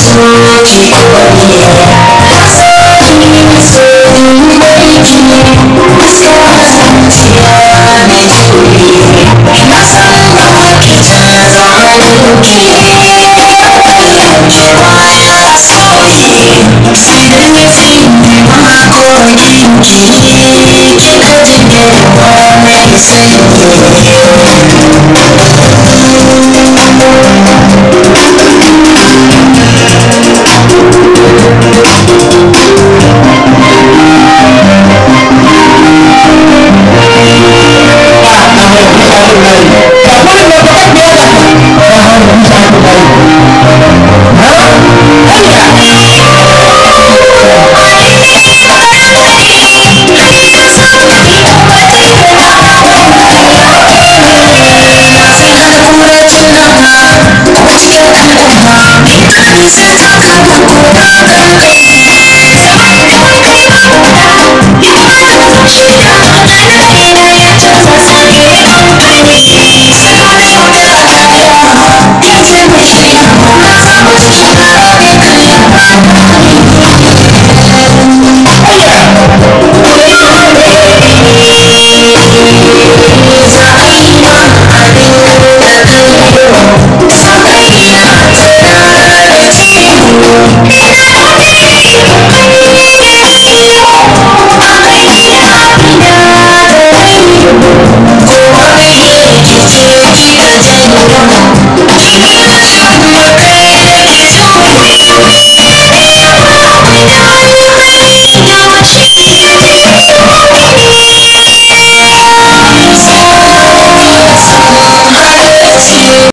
It's magic, oh yeah Gasoline, sudden breaking The stars and the mystery My sunlight turns on and key Why I saw you Since